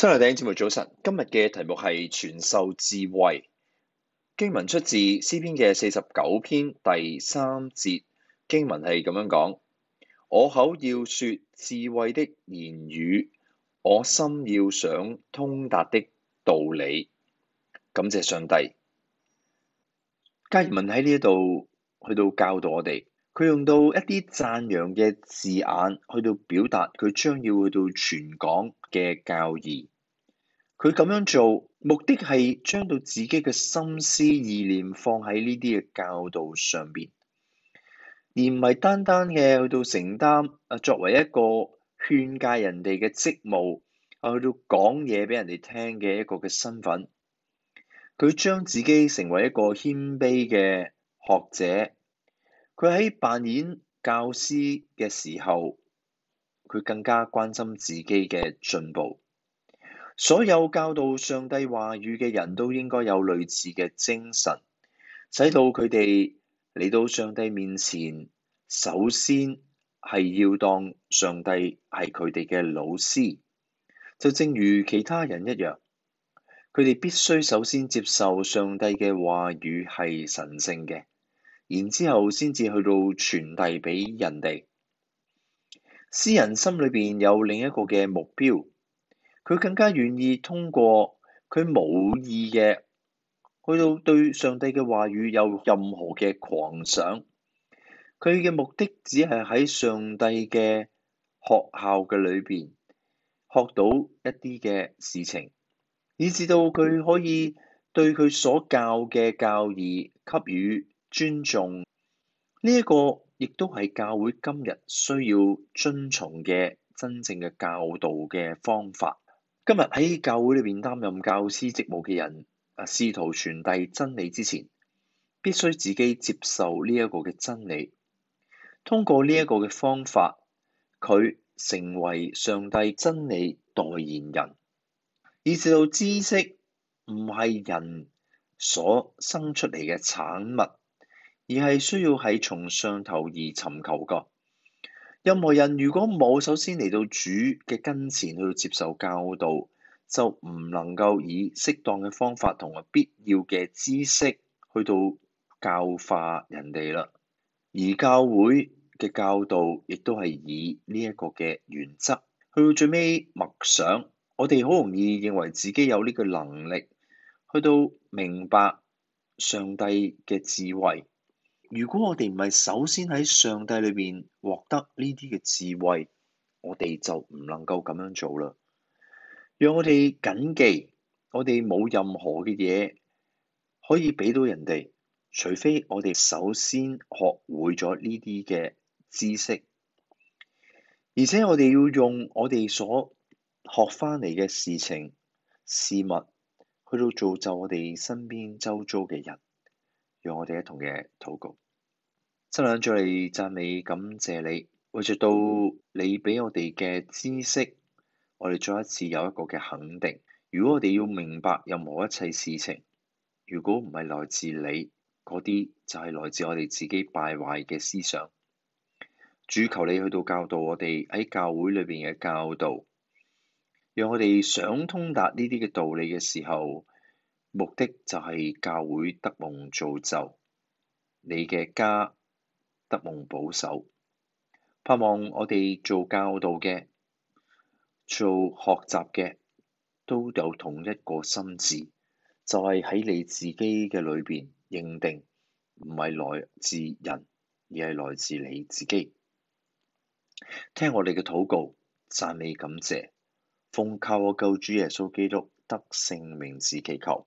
親愛弟兄姊妹，早晨！今日嘅題目係傳授智慧，經文出自詩篇嘅四十九篇第三節，經文係咁樣講：我口要說智慧的言語，我心要想通達的道理。感謝上帝，嘉爾文喺呢度去到教導我哋。佢用到一啲讚揚嘅字眼，去到表達佢將要去到全港嘅教義。佢咁樣做，目的係將到自己嘅心思意念放喺呢啲嘅教導上邊，而唔係單單嘅去到承擔啊作為一個勸戒人哋嘅職務啊去到講嘢俾人哋聽嘅一個嘅身份。佢將自己成為一個謙卑嘅學者。佢喺扮演教師嘅時候，佢更加關心自己嘅進步。所有教導上帝話語嘅人都應該有類似嘅精神，使到佢哋嚟到上帝面前，首先係要當上帝係佢哋嘅老師。就正如其他人一樣，佢哋必須首先接受上帝嘅話語係神聖嘅。然之後先至去到傳遞俾人哋，詩人心裏邊有另一個嘅目標，佢更加願意通過佢無意嘅去到對上帝嘅話語有任何嘅狂想，佢嘅目的只係喺上帝嘅學校嘅裏邊學到一啲嘅事情，以至到佢可以對佢所教嘅教義給予。尊重呢一個，亦都係教會今日需要遵從嘅真正嘅教導嘅方法。今日喺教會裏面擔任教師職務嘅人，啊，試圖傳遞真理之前，必須自己接受呢一個嘅真理。通過呢一個嘅方法，佢成為上帝真理代言人，以至到知識唔係人所生出嚟嘅產物，而係需要喺從上頭而尋求嘅。任何人，如果冇首先嚟到主嘅跟前去接受教導，就唔能夠以適當嘅方法同埋必要嘅知識去到教化人哋啦。而教會嘅教導亦都係以呢一個嘅原則去到最尾默想。我哋好容易認為自己有呢個能力，去到明白上帝嘅智慧，如果我哋唔係首先喺上帝裏面獲得呢啲嘅智慧，我哋就唔能夠咁樣做啦。讓我哋謹記，我哋冇任何嘅嘢可以俾到人哋，除非我哋首先學會咗呢啲嘅知識，而且我哋要用我哋所學翻嚟嘅事情、事物，去到造就我哋身邊周遭嘅人。讓我哋一同嘅禱告，真量再嚟讚美感謝你，為著到你畀我哋嘅知識，我哋再一次有一個嘅肯定。如果我哋要明白任何一切事情，如果唔係來自你，嗰啲就係來自我哋自己敗壞嘅思想。主求你去到教導我哋喺教會裏邊嘅教導，讓我哋想通達呢啲嘅道理嘅時候。目的就係教會得蒙造就，你嘅家得蒙保守。盼望我哋做教導嘅、做學習嘅，都有同一個心智。就係喺你自己嘅裏邊認定，唔係來自人，而係來自你自己。聽我哋嘅禱告、讚美、感謝，奉靠我救主耶穌基督得勝名字祈求。